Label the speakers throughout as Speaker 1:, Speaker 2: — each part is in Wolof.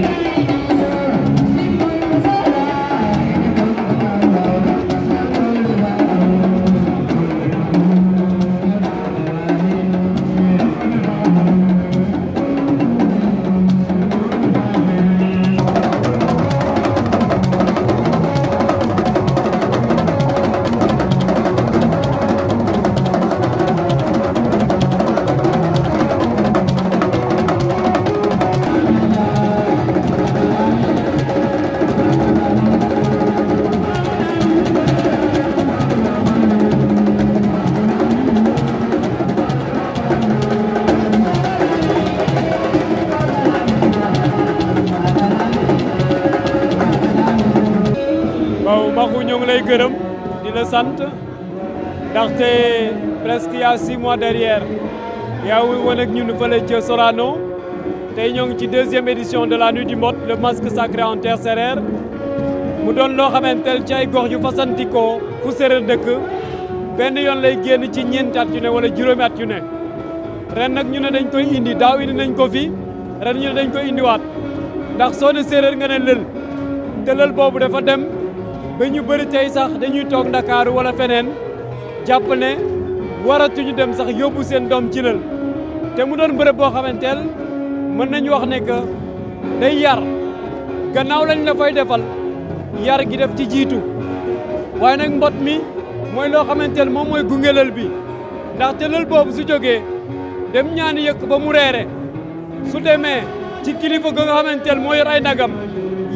Speaker 1: Thank you. waaw Maxu ñoo ngi lay gërëm di la sant ndaxte presque il y a six mois derrière yaa ngi woon ak ñun fële ca Sorano tey ñoo ngi ci deuxième édition de la nuit du mode le masque sacré en terre sérère mu doon loo xamante ne ci ay gox yu fasantikoo fu séréer dëkk benn yon lay génn ci ñeenti at yu ne wala juróomi at yu ne ren nag ñu ne dañ koy indi daaw indi nañ ko fi ren ñu ne dañ koy indiwaat ndax soo ne séréer nga ne lël te lël boobu dafa dem ba ñu bëri tey sax dañuy toog ndakaaru wala feneen jàpp ne waratuñu dem sax yóbbu seen doom jilal te mu doon bërëb boo xamanteel mën nañu wax ne que day yar gannaaw lañ la fay defal yar gi def ci jiitu waaye nag mbot mi mooy loo xamanteel moom mooy gunge lël bi ndaxte lël boobu su jógee dem ñaani yëkk ba mu reere su demee ci kilifa ga nga xamanteel moo yor ay nagam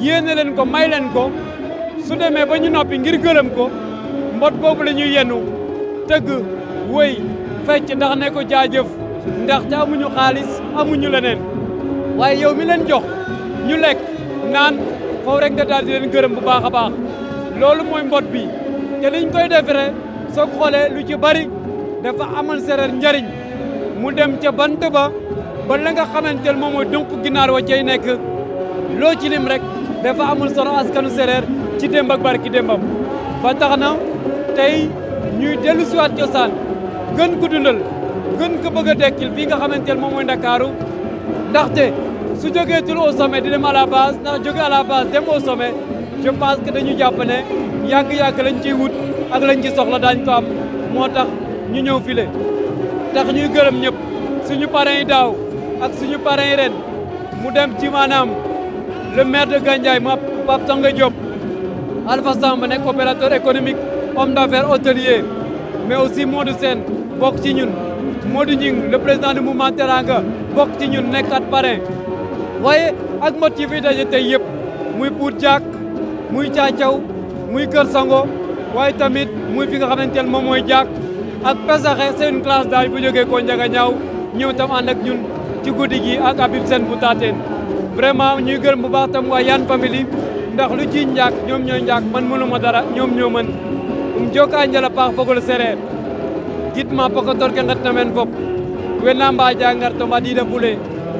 Speaker 1: yéene ko may leen ko su demee ba ñu noppi ngir gërëm ko mbot boobu la ñuy yenu tëgg wëy fecc ndax ne ko jaajëf ndax te amuñu xaalis amuñu leneen waaye yow mi leen jox ñu lekk naan foofu rek nga daal gërëm bu baax a baax loolu mooy mbot bi te koy defere soo xoolee lu ci bari dafa amal sereer njariñ mu dem ca bant ba ba la nga xamante ne moom mooy dunq ginaar wa cay nekk loo ci lim rek dafa amul solo askanu sereer ci démb ak barki démbam ba tax na tey ñuy dellu siwaat cosaan gën ko dundal gën ko bëgg a dekkil fii nga xamante moom mooy Ndakaaru ndaxte su jógee tul au sommet di dem à la ndax jóge à la base dem au sommet je pense que dañu jàpp ne yàgg-yàgg lañ ciy wut ak lañ ci soxla daañ ko am moo tax ñu ñëw file tax ñuy gërëm ñëpp suñu parrain yi daaw ak suñu parrain yi ren mu dem ci maanaam le maire de Gandiaye ma Pape Sanga Diop Alpha Samb nekk opérateur économique homme d'affaires hôtelier mais aussi Modou Sène bokk ci ñun moo di Ñing le président du mouvement Teranga bokk ci ñun nekk at parrain waaye ak mot ci fi daje tey yëpp muy Pout Diack muy Caacaw muy Kër Sango waaye tamit muy fi nga xamante ne moom mooy Diack ak Pesaxe seen une classe d'âge bu jógee koo njaga ñaaw ñëw tam ànd ñun ci guddi gi ak Habib Sène bu Tateen vraiment ñuy gërëm bu baax tam waa Yane Family ndax lu ji njaak ñoom ñooy njaak man mënuma dara ñoom ñoo mën um joka njala paax fogol sereer gitma pokotor ke ngatna men fop we na mbaja ngar to mbadiida fule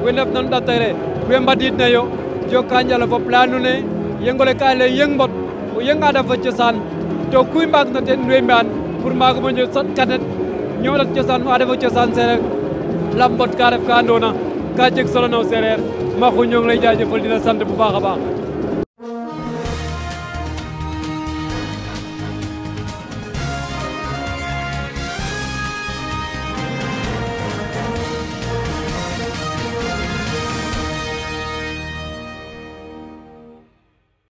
Speaker 1: we ndefnan ɗatere we mbadiidna yo joka njala fop layanune yengole ka le yeng mbot o yengada fo cosaan to kuy mbaagna ten we mbaan pour mbaago mo sot kanet ñoowdat cosaan o ade fo cosaan sereer lam mbot ka ref ka andoona ka jeg solo no sereer maxu ñong bu baax a baax